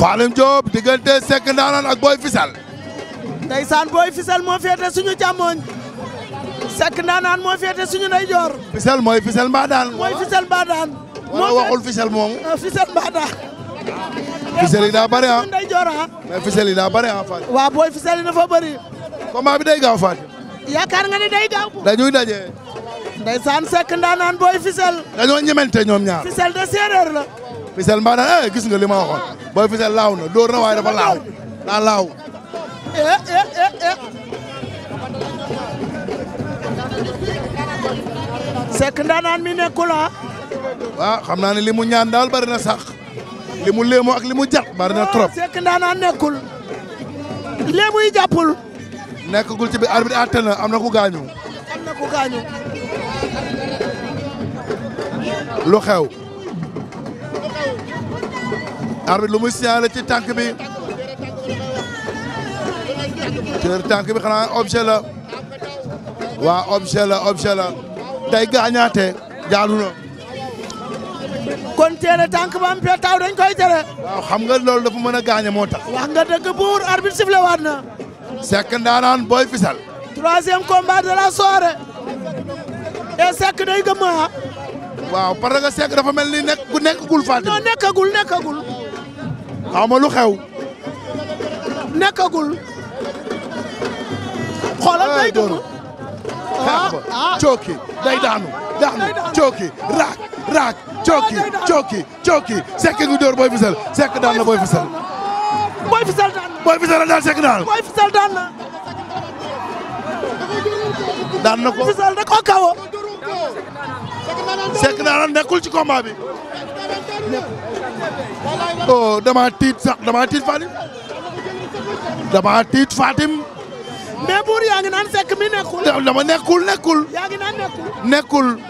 Faalim Diop diggante Seck Ndaanaan ak Boy Fissel. ndeysaan Boy Fissel moo féete suñu càmmoñ. Seck Ndaanaan moo féete suñu ndeyjoor. Fissel mooy Fissel mooy Fissel mbaa daan. wala waxul euh, mbaa daan. Fissel yi daa bëri ah. ndeyjoor ah. mais Fissel yi daa bëri ah Fatou. waaw Boy Fissel yi dafa bëri. combat bi day gaaw Fatou. yaakaar nga ne day gaaw. dañuy daje. ndeysaan Seck Ndaanaan Boy ñoom ñaar. Fissel de séeréer la. Fissel mbaa naan eh, gis nga li ma waxoon booy Fissel laaw na dóor na waaye dafa laaw daa laaw. Seck ndaanaan mi nekkul ah. xam naa ne li mu ñaan daal bari na sax li mu léemu ak li mu jat bari na trop. Seck ndaanaan nekkul léemu yi jàppul. nekkagul ci bi arbitre àtte am na ku gaañu. am arbitre lu muy signalé ci tànk bi cër tànk bi xanaa objet la waa objet la objet la day gaañaate jaalu na kon teene tànk ba am petaaw dañ koy tere waaw xam nga loolu dafa mën a gaañe moo tax wax nga dëgg buur arbitre sifflé waat na Seck ndaanaan Boy Fissel troisième combat de la soirée et Seck day gëmma waaw parce que Seck dafa mel ni nekk ku nekkagul Fatima. non nekkagul nekkagul. xaw ma lu xew. nekkagul. xoolal day dugg ah, ah cooki day ah. daanu. daanu cooki raak raak cooki cooki cooki Seck ngi dóor Boy Fissel Seck daan na Boy Fissel. Boy Fissel daan na Boy Fissel daan na. daan na ko Fissel da ko Seck Ndanane nekkul ci combat bi. oh dama tiit sax dama tiit Fatim dama tiit Fatim. mais buur yaa ngi naan Seck mi nekkul. dama nekkul. nekkul.